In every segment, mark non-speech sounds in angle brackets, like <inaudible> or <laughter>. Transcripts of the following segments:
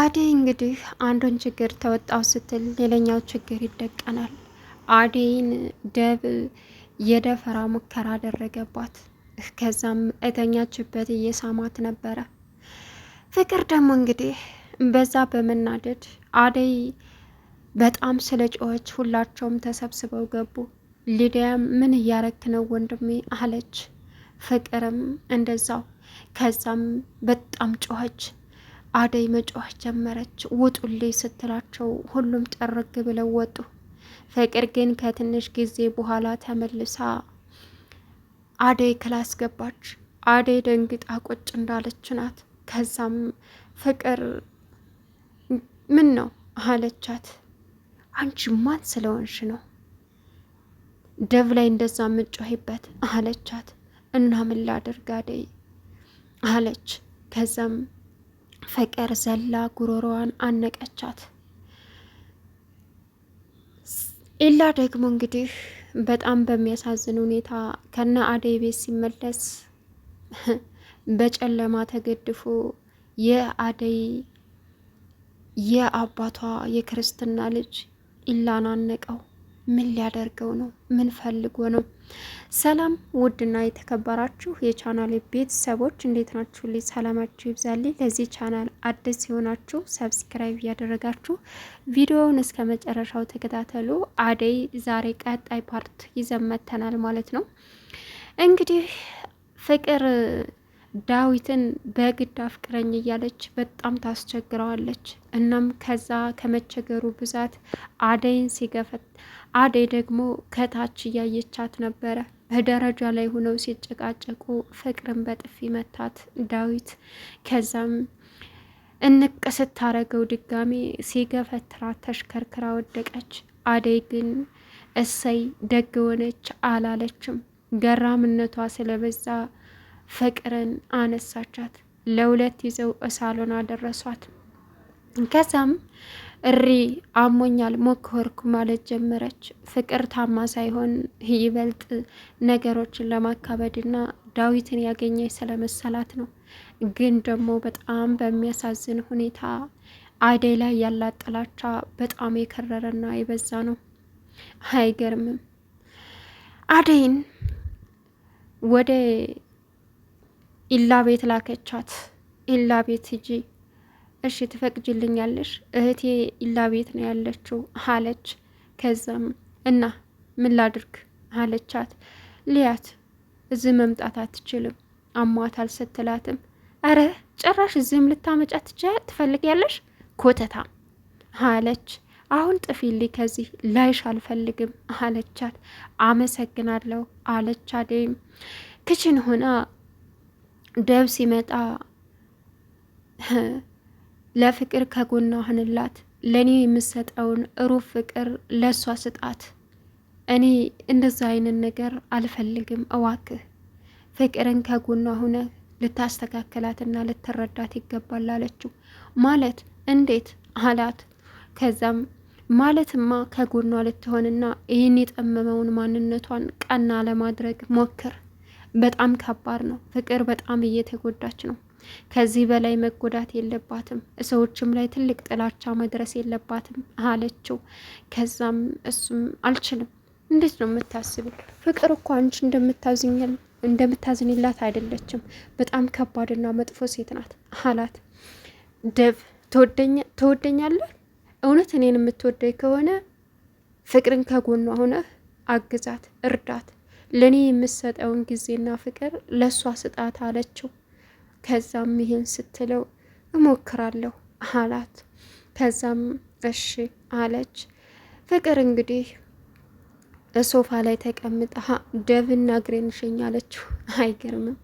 አደይ እንግዲህ አንዱን ችግር ተወጣው ስትል ሌላኛው ችግር ይደቀናል። አደይን ደብ የደፈራ ሙከራ አደረገባት። ከዛም እተኛችበት እየሳማት ነበረ። ፍቅር ደግሞ እንግዲህ በዛ በመናደድ አደይ በጣም ስለ ጮኸች ሁላቸውም ተሰብስበው ገቡ። ሊዲያም ምን እያረክ ነው ወንድሜ አለች። ፍቅርም እንደዛው። ከዛም በጣም ጮኸች። አደይ መጮህ ጀመረች። ውጡልኝ ስትላቸው ሁሉም ጠርግ ብለው ወጡ። ፍቅር ግን ከትንሽ ጊዜ በኋላ ተመልሳ አደይ ክላስ ገባች። አደይ ደንግጣ ቁጭ እንዳለች ናት። ከዛም ፍቅር ምን ነው አለቻት። አንቺ ማን ስለሆንሽ ነው ደብ ላይ እንደዛ ምጮሄበት አለቻት። እና ምን ላድርግ አደይ አለች። ከዛም ፍቅር ዘላ ጉሮሮዋን አነቀቻት። ኢላ ደግሞ እንግዲህ በጣም በሚያሳዝን ሁኔታ ከነ አደይ ቤት ሲመለስ <laughs> በጨለማ ተገድፎ የአደይ የአባቷ የክርስትና ልጅ ኢላን አነቀው። ምን ሊያደርገው ነው? ምን ፈልጎ ነው? ሰላም ውድና የተከበራችሁ የቻናል ቤተሰቦች እንዴት ናችሁ? ልጅ ሰላማችሁ ይብዛልኝ። ለዚህ ቻናል አዲስ የሆናችሁ ሰብስክራይብ እያደረጋችሁ ቪዲዮውን እስከ መጨረሻው ተከታተሉ። አደይ ዛሬ ቀጣይ ፓርት ይዘመተናል ማለት ነው እንግዲህ ፍቅር ዳዊትን በግድ አፍቅረኝ እያለች በጣም ታስቸግረዋለች። እናም ከዛ ከመቸገሩ ብዛት አደይን ሲገፈት አደይ ደግሞ ከታች እያየቻት ነበረ። በደረጃ ላይ ሆነው ሲጨቃጨቁ ፍቅርን በጥፊ መታት ዳዊት። ከዛም እንቅ ስታረገው ድጋሜ ሲገፈትራት ተሽከርክራ ወደቀች። አደይ ግን እሰይ ደግ ሆነች አላለችም። ገራምነቷ ስለበዛ ፍቅርን አነሳቻት። ለሁለት ይዘው እሳሎን አደረሷት። ከዛም እሪ አሞኛል ሞከርኩ ማለት ጀመረች። ፍቅር ታማ ሳይሆን ይበልጥ ነገሮችን ለማካበድና ዳዊትን ያገኘ ስለመሰላት ነው። ግን ደግሞ በጣም በሚያሳዝን ሁኔታ አደይ ላይ ያላት ጥላቻ በጣም የከረረና የበዛ ነው። አይገርምም? አደይን ወደ ኢላ ቤት ላከቻት። ኢላ ቤት ሂጂ፣ እሺ ትፈቅጅልኛለሽ? እህቴ ኢላ ቤት ነው ያለችው አለች። ከዛም እና ምን ላድርግ አለቻት። ሊያት እዚህ መምጣት አትችልም አሟታል ስትላትም፣ አረ ጭራሽ እዚህም ልታመጫት ትፈልጊያለሽ? ኮተታ አለች። አሁን ጥፊልኝ ከዚህ ላይሽ አልፈልግም አለቻት። አመሰግናለሁ አለች። አደይም ክችን ሆና ደብ ሲመጣ ለፍቅር ከጎኗ ሆንላት። ለእኔ የምሰጠውን እሩብ ፍቅር ለእሷ ስጣት። እኔ እንደዛ አይነት ነገር አልፈልግም። እዋክህ ፍቅርን ከጎኗ ሁነ ልታስተካከላትና ልትረዳት ይገባል አለችው። ማለት እንዴት አላት። ከዛም ማለትማ ከጎኗ ልትሆንና ይህን የጠመመውን ማንነቷን ቀና ለማድረግ ሞክር በጣም ከባድ ነው። ፍቅር በጣም እየተጎዳች ነው። ከዚህ በላይ መጎዳት የለባትም፣ ሰዎችም ላይ ትልቅ ጥላቻ መድረስ የለባትም አለችው። ከዛም እሱም አልችልም። እንዴት ነው የምታስቢው? ፍቅር እኮ አንቺ እንደምታዝኛል እንደምታዝንላት አይደለችም። በጣም ከባድና መጥፎ ሴት ናት አላት። ደብ ትወደኛለህ? እውነት እኔን የምትወደኝ ከሆነ ፍቅርን ከጎኗ ሆነህ አግዛት፣ እርዳት ለእኔ የምሰጠውን ጊዜና ፍቅር ለእሷ ስጣት አለችው። ከዛም ይህን ስትለው እሞክራለሁ አላት። ከዛም እሺ አለች። ፍቅር እንግዲህ ሶፋ ላይ ተቀምጣ ደብና እግሬን ሸኝ አለችው። አይገርምም?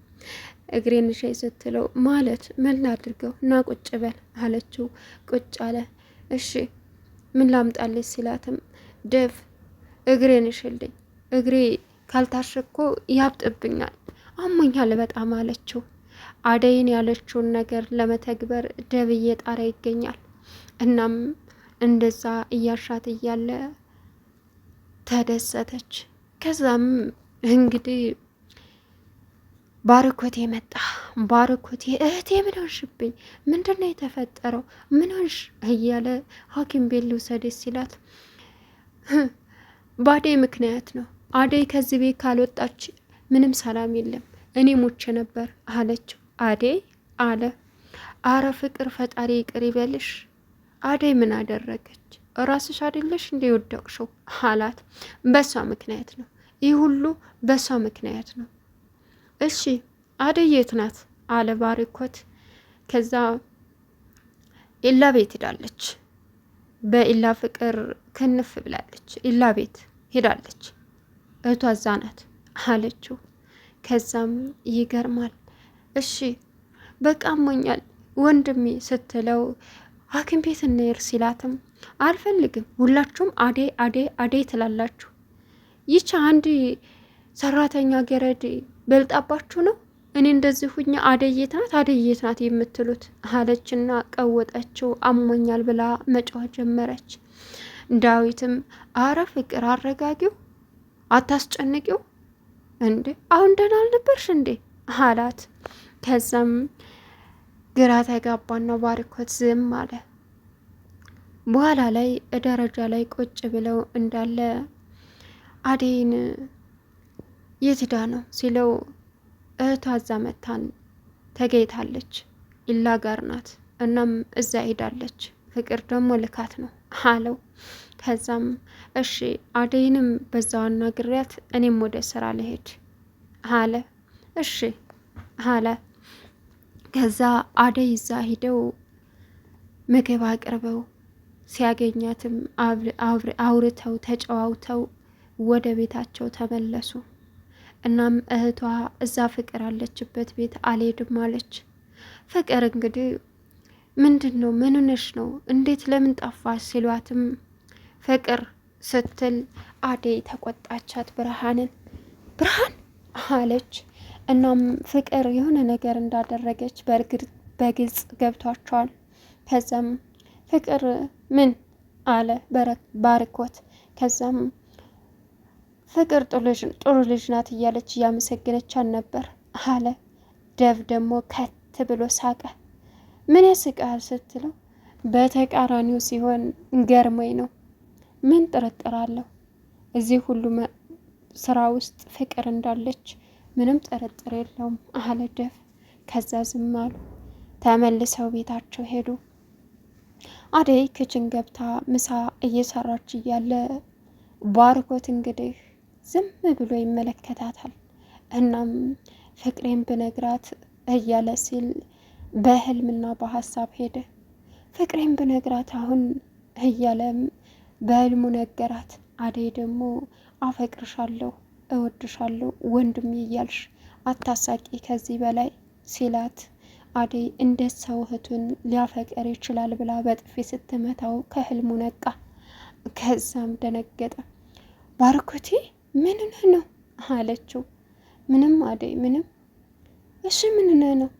እግሬን ሸኝ ስትለው ማለት ምን ላድርገው እና ቁጭ በል አለችው። ቁጭ አለ። እሺ ምን ላምጣልሽ ሲላትም ደብ እግሬን ሽልኝ እግሬ ካልታሸኮ ያብጥብኛል፣ አሞኛል በጣም አለችው። አደይን ያለችውን ነገር ለመተግበር ደብ እየጣረ ይገኛል። እናም እንደዛ እያሻት እያለ ተደሰተች። ከዛም እንግዲህ ባርኮቴ መጣ። ባርኮቴ እህቴ ምን ሆንሽብኝ? ምንድን ነው የተፈጠረው? ምን ሆንሽ? እያለ ሐኪም ቤት ልውሰድሽ ሲላት ባዴ ምክንያት ነው አደይ ከዚህ ቤት ካልወጣች ምንም ሰላም የለም፣ እኔ ሞቼ ነበር አለችው። አደይ አለ አረ ፍቅር ፈጣሪ ይቅር ይበልሽ። አደይ ምን አደረገች? ራስሽ አይደለሽ እንደ የወደቅሽው አላት። በሷ ምክንያት ነው፣ ይህ ሁሉ በሷ ምክንያት ነው። እሺ አደይ የት ናት? አለ ባርኮት። ከዛ ኢላ ቤት ሄዳለች። በኢላ ፍቅር ክንፍ ብላለች። ኢላ ቤት ሄዳለች። እህቷ እዛ ናት አለችው። ከዛም ይገርማል። እሺ በቃ አሞኛል ወንድሜ ስትለው ሐኪም ቤት እንሄድ ሲላትም አልፈልግም ሁላችሁም አዴ አዴ አዴ ትላላችሁ። ይቺ አንድ ሰራተኛ ገረድ በልጣባችሁ ነው እኔ እንደዚህ ሁኛ አደየት ናት አደየት ናት የምትሉት አለችና ቀወጠችው። አሞኛል ብላ መጫዋ ጀመረች። ዳዊትም አረ ፍቅር አረጋጊው አታስጨንቂው እንዴ አሁን ደህና አልነበርሽ እንዴ አላት። ከዛም ግራ ተጋባና ባርኮት ዝም አለ። በኋላ ላይ ደረጃ ላይ ቁጭ ብለው እንዳለ አደይን የትዳ ነው ሲለው እህቷ እዛ መታን ተገኝታለች ኢላ ጋር ናት። እናም እዛ ሄዳለች ፍቅር ደግሞ ልካት ነው አለው። ከዛም እሺ አደይንም በዛው አናግሪያት እኔም ወደ ስራ ልሄድ አለ። እሺ አለ። ከዛ አደይ እዛ ሂደው ምግብ አቅርበው ሲያገኛትም አውርተው ተጨዋውተው ወደ ቤታቸው ተመለሱ። እናም እህቷ እዛ ፍቅር አለችበት ቤት አልሄድም አለች። ፍቅር እንግዲህ ምንድን ነው ምንነሽ ነው እንዴት ለምን ጠፋ ሲሏትም ፍቅር ስትል አደይ ተቆጣቻት። ብርሃንን ብርሃን አለች። እናም ፍቅር የሆነ ነገር እንዳደረገች በግልጽ ገብቷቸዋል። ከዛም ፍቅር ምን አለ ባርኮት። ከዛም ፍቅር ጥሩ ልጅ ናት እያለች እያመሰገነቻን ነበር አለ ደብ ደግሞ ከት ብሎ ሳቀ። ምን ያስቃል ስትለው በተቃራኒው ሲሆን ገርሞኝ ነው ምን ጥርጥር አለው? እዚህ ሁሉ ስራ ውስጥ ፍቅር እንዳለች ምንም ጥርጥር የለውም አለ ደፍ። ከዛ ዝም አሉ። ተመልሰው ቤታቸው ሄዱ። አደይ ክችን ገብታ ምሳ እየሰራች እያለ ባርኮት እንግዲህ ዝም ብሎ ይመለከታታል። እናም ፍቅሬን ብነግራት እያለ ሲል በህልምና በሀሳብ ሄደ። ፍቅሬን ብነግራት አሁን እያለም በህልሙ ነገራት። አደይ ደግሞ አፈቅርሻለሁ፣ እወድሻለሁ ወንድሜ እያልሽ አታሳቂ ከዚህ በላይ ሲላት አደይ እንዴት ሰው እህቱን ሊያፈቅር ይችላል ብላ በጥፊ ስትመታው ከህልሙ ነቃ። ከዛም ደነገጠ። ባርኮቴ ምን ነህ ነው አለችው። ምንም አደይ ምንም። እሺ ምን ነህ ነው?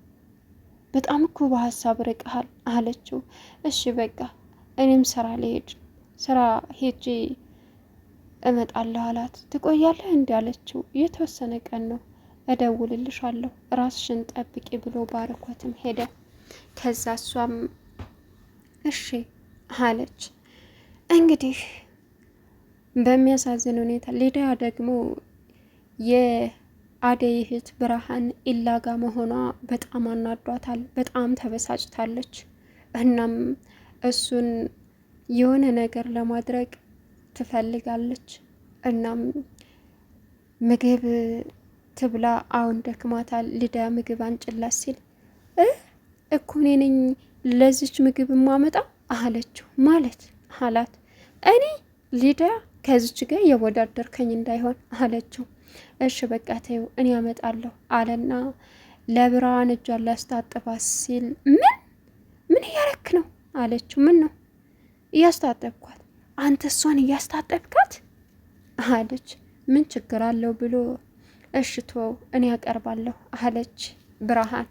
በጣም እኮ በሀሳብ ርቀሃል አለችው። እሺ በቃ እኔም ስራ ልሄድ ስራ ሄጄ እመጣለሁ አላት። ትቆያለህ እንዲ አለችው። የተወሰነ ቀን ነው እደውልልሻለሁ፣ ራስሽን ጠብቂ ብሎ ባርኮትም ሄደ። ከዛ እሷም እሺ አለች። እንግዲህ በሚያሳዝን ሁኔታ ሊዲያ ደግሞ የአደይ እህት ብርሃን ኢላጋ መሆኗ በጣም አናዷታል። በጣም ተበሳጭታለች። እናም እሱን የሆነ ነገር ለማድረግ ትፈልጋለች። እናም ምግብ ትብላ፣ አሁን ደክማታል። ልዳ ምግብ አንጭላት ሲል እኮ እኔ ነኝ ለዚች ምግብ ማመጣ አለችው ማለት አላት። እኔ ሊዳ ከዚች ጋር የወዳደርከኝ እንዳይሆን አለችው። እሺ በቃ ተይው እኔ ያመጣለሁ አለና ለብርሃን እጇን ላስታጥፋ ሲል ምን ምን እያረክ ነው አለችው። ምን ነው እያስታጠብኳት አንተ እሷን እያስታጠብካት አለች። ምን ችግር አለው ብሎ እሽቶው እኔ ያቀርባለሁ አለች ብርሃን።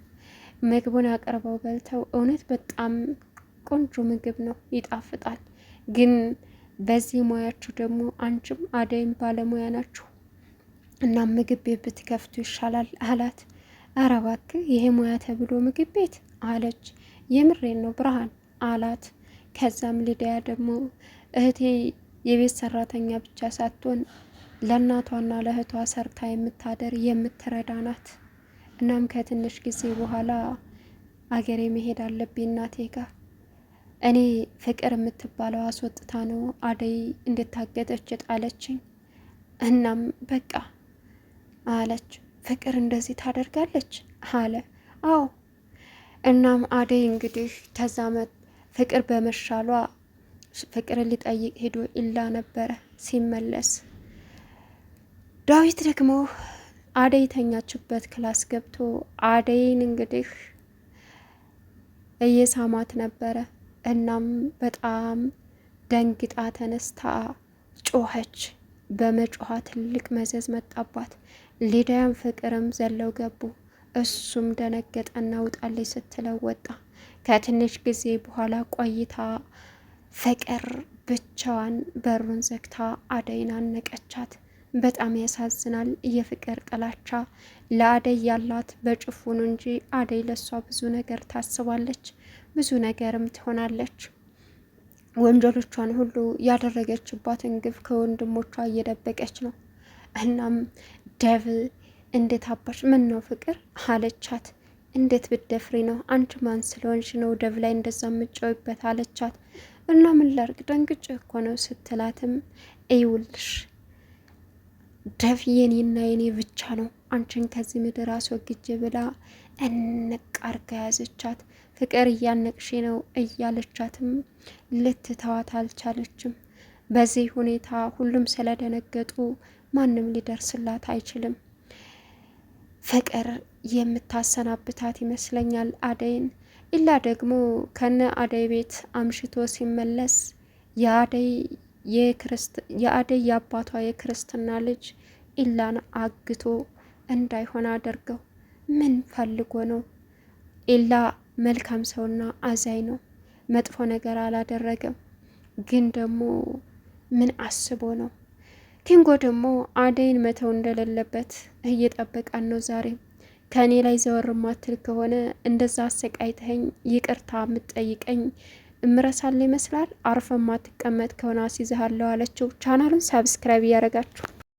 ምግቡን አቅርበው በልተው፣ እውነት በጣም ቆንጆ ምግብ ነው፣ ይጣፍጣል። ግን በዚህ ሙያችሁ ደግሞ አንቺም አደይም ባለሙያ ናችሁ እና ምግብ ቤት ብትከፍቱ ይሻላል አላት። አረባክ ይሄ ሙያ ተብሎ ምግብ ቤት አለች። የምሬን ነው ብርሃን አላት። ከዛም ሊዲያ ደግሞ እህቴ የቤት ሰራተኛ ብቻ ሳትሆን ለእናቷና ለእህቷ ሰርታ የምታደር የምትረዳ ናት። እናም ከትንሽ ጊዜ በኋላ አገሬ መሄድ አለብኝ እናቴ ጋር እኔ ፍቅር የምትባለው አስወጥታ ነው አደይ እንድታገጠች ጣለችኝ። እናም በቃ አለች። ፍቅር እንደዚህ ታደርጋለች አለ። አዎ እናም አደይ እንግዲህ ተዛመት ፍቅር በመሻሏ ፍቅርን ሊጠይቅ ሄዶ ኢላ ነበረ። ሲመለስ ዳዊት ደግሞ አደይ ተኛችበት ክላስ ገብቶ አደይን እንግዲህ እየሳማት ነበረ። እናም በጣም ደንግጣ ተነስታ ጮኸች። በመጮኋ ትልቅ መዘዝ መጣባት። ሊዳያም ፍቅርም ዘለው ገቡ። እሱም ደነገጠና ውጣለች ስትለው ወጣ። ከትንሽ ጊዜ በኋላ ቆይታ ፍቅር ብቻዋን በሩን ዘግታ አደይን አነቀቻት። በጣም ያሳዝናል። የፍቅር ጥላቻ ለአደይ ያላት በጭፉኑ እንጂ አደይ ለሷ ብዙ ነገር ታስባለች፣ ብዙ ነገርም ትሆናለች። ወንጀሎቿን ሁሉ ያደረገችባትን ግፍ ከወንድሞቿ እየደበቀች ነው። እናም ደብ እንዴት አባሽ ምን ነው ፍቅር አለቻት። እንዴት ብደፍሪ ነው አንቺ? ማን ስለሆንሽ ነው ደብ ላይ እንደዛ የምትጮይበት አለቻት። እና ምን ላርግ ደንግጬ እኮ ነው ስትላትም እይውልሽ ደብ የኔና የኔ ብቻ ነው አንቺን ከዚህ ምድር አስወግጄ ብላ እንቅ ያዘቻት። ፍቅር እያነቅሽ ነው እያለቻትም ልትተዋት አልቻለችም። በዚህ ሁኔታ ሁሉም ስለደነገጡ ማንም ሊደርስላት አይችልም። ፍቅር የምታሰናብታት ይመስለኛል አደይን። ኢላ ደግሞ ከነ አደይ ቤት አምሽቶ ሲመለስ የአደይ የአባቷ የክርስትና ልጅ ኢላን አግቶ እንዳይሆን አድርገው ምን ፈልጎ ነው? ኢላ መልካም ሰውና አዛኝ ነው። መጥፎ ነገር አላደረገም። ግን ደግሞ ምን አስቦ ነው ቲንጎ ደግሞ አደይን መተው እንደሌለበት እየጠበቃን ነው። ዛሬ ከእኔ ላይ ዘወር ማትል ከሆነ እንደዛ አሰቃይተኝ ይቅርታ የምትጠይቀኝ እምረሳለ ይመስላል። አርፈ ማትቀመጥ ከሆነ አስይዝሃለሁ አለችው። ቻናሉን ሳብስክራይብ እያደረጋችሁ